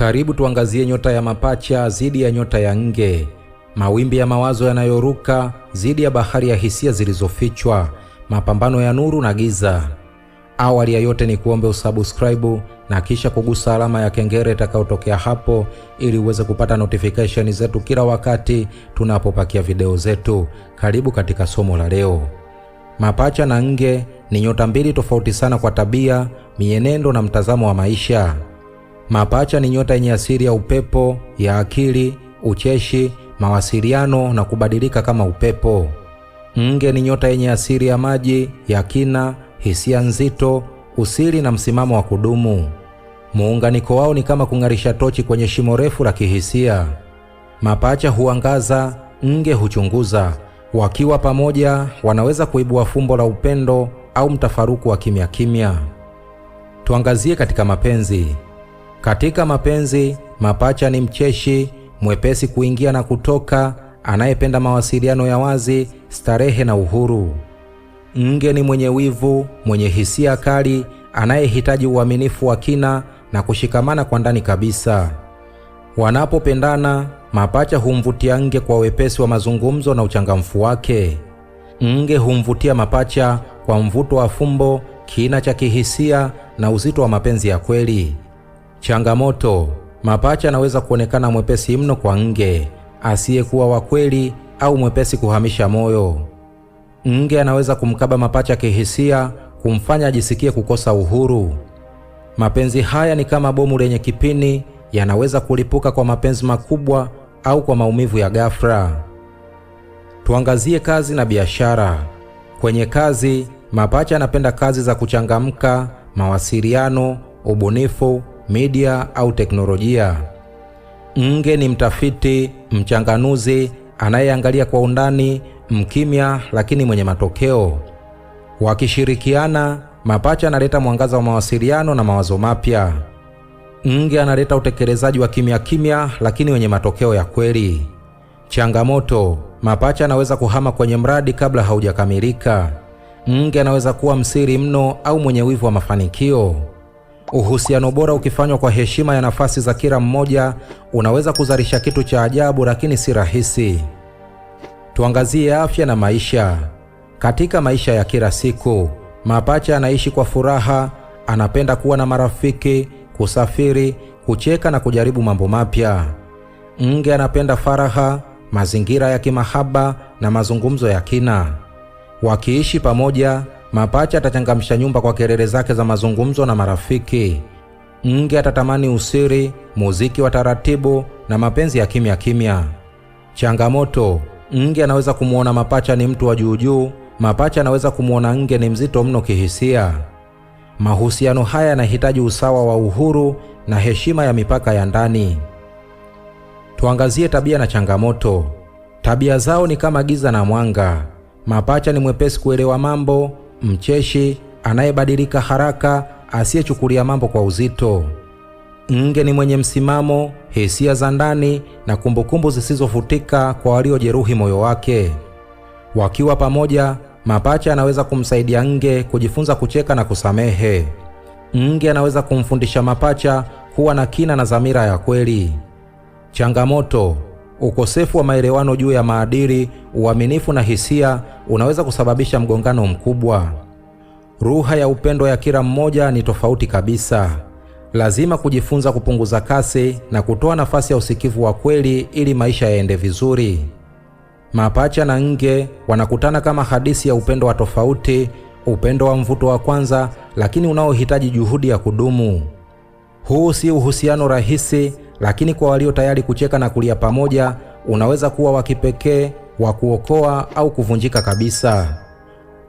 Karibu tuangazie nyota ya mapacha zidi ya nyota ya nge, mawimbi ya mawazo yanayoruka zidi ya bahari ya hisia zilizofichwa, mapambano ya nuru na giza. Awali ya yote ni kuombe usubscribe na kisha kugusa alama ya kengele itakayotokea hapo ili uweze kupata notification zetu kila wakati tunapopakia video zetu. Karibu katika somo la leo. Mapacha na nge ni nyota mbili tofauti sana kwa tabia, mienendo na mtazamo wa maisha. Mapacha ni nyota yenye asili ya upepo, ya akili, ucheshi, mawasiliano na kubadilika kama upepo. Nge ni nyota yenye asili ya maji, ya kina, hisia nzito, usiri na msimamo wa kudumu. Muunganiko wao ni kama kung'arisha tochi kwenye shimo refu la kihisia. Mapacha huangaza, nge huchunguza. Wakiwa pamoja, wanaweza kuibua fumbo la upendo au mtafaruku wa kimya kimya. Tuangazie katika mapenzi. Katika mapenzi, mapacha ni mcheshi, mwepesi kuingia na kutoka, anayependa mawasiliano ya wazi, starehe na uhuru. Nge ni mwenye wivu, mwenye hisia kali, anayehitaji uaminifu wa kina na kushikamana kwa ndani kabisa. Wanapopendana, mapacha humvutia nge kwa wepesi wa mazungumzo na uchangamfu wake. Nge humvutia mapacha kwa mvuto wa fumbo, kina cha kihisia na uzito wa mapenzi ya kweli. Changamoto: mapacha anaweza kuonekana mwepesi mno kwa nge asiyekuwa wa kweli au mwepesi kuhamisha moyo. Nge anaweza kumkaba mapacha kihisia, kumfanya ajisikie kukosa uhuru. Mapenzi haya ni kama bomu lenye kipini, yanaweza kulipuka kwa mapenzi makubwa au kwa maumivu ya ghafla. Tuangazie kazi na biashara. Kwenye kazi, mapacha anapenda kazi za kuchangamka, mawasiliano, ubunifu media au teknolojia. Nge ni mtafiti, mchanganuzi anayeangalia kwa undani, mkimya lakini mwenye matokeo. Wakishirikiana, mapacha analeta mwangaza wa mawasiliano na mawazo mapya. Nge analeta utekelezaji wa kimya kimya lakini wenye matokeo ya kweli. Changamoto: mapacha anaweza kuhama kwenye mradi kabla haujakamilika. Nge anaweza kuwa msiri mno au mwenye wivu wa mafanikio. Uhusiano bora ukifanywa kwa heshima ya nafasi za kila mmoja unaweza kuzalisha kitu cha ajabu, lakini si rahisi. Tuangazie afya na maisha. Katika maisha ya kila siku, mapacha anaishi kwa furaha, anapenda kuwa na marafiki, kusafiri, kucheka na kujaribu mambo mapya. Nge anapenda faraha, mazingira ya kimahaba na mazungumzo ya kina. Wakiishi pamoja, Mapacha atachangamsha nyumba kwa kelele zake za mazungumzo na marafiki. Nge atatamani usiri, muziki wa taratibu na mapenzi ya kimya kimya. Changamoto: nge anaweza kumwona mapacha ni mtu wa juujuu, mapacha anaweza kumwona nge ni mzito mno kihisia. Mahusiano haya yanahitaji usawa wa uhuru na heshima ya mipaka ya ndani. Tuangazie tabia na changamoto. Tabia zao ni kama giza na mwanga. Mapacha ni mwepesi kuelewa mambo, mcheshi, anayebadilika haraka, asiyechukulia mambo kwa uzito. Nge ni mwenye msimamo, hisia za ndani na kumbukumbu zisizofutika kwa waliojeruhi moyo wake. Wakiwa pamoja, mapacha anaweza kumsaidia nge kujifunza kucheka na kusamehe. Nge anaweza kumfundisha mapacha kuwa na kina na dhamira ya kweli. Changamoto Ukosefu wa maelewano juu ya maadili, uaminifu na hisia unaweza kusababisha mgongano mkubwa. Ruha ya upendo ya kila mmoja ni tofauti kabisa. Lazima kujifunza kupunguza kasi na kutoa nafasi ya usikivu wa kweli ili maisha yaende vizuri. Mapacha na nge wanakutana kama hadithi ya upendo wa tofauti, upendo wa mvuto wa kwanza, lakini unaohitaji juhudi ya kudumu. Huu si uhusiano rahisi, lakini kwa walio tayari kucheka na kulia pamoja, unaweza kuwa wa kipekee wa kuokoa au kuvunjika kabisa.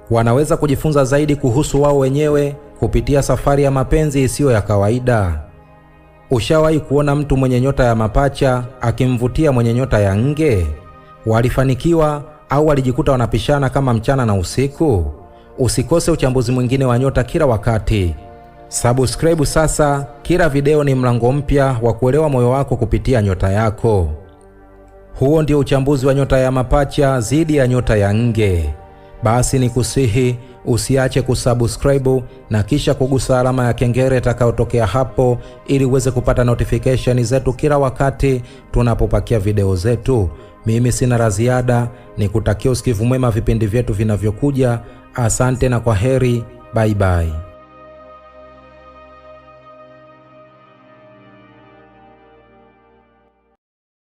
Wanaweza kujifunza zaidi kuhusu wao wenyewe kupitia safari ya mapenzi isiyo ya kawaida. Ushawahi kuona mtu mwenye nyota ya mapacha akimvutia mwenye nyota ya nge? Walifanikiwa au walijikuta wanapishana kama mchana na usiku? Usikose uchambuzi mwingine wa nyota kila wakati. Subscribe sasa. Kila video ni mlango mpya wa kuelewa moyo wako kupitia nyota yako. Huo ndio uchambuzi wa nyota ya mapacha dhidi ya nyota ya nge. Basi ni kusihi usiache kusubscribe na kisha kugusa alama ya kengele itakayotokea hapo, ili uweze kupata notification zetu kila wakati tunapopakia video zetu. Mimi sina la ziada, ni kutakia usikivu mwema vipindi vyetu vinavyokuja. Asante na kwa heri, bye bye.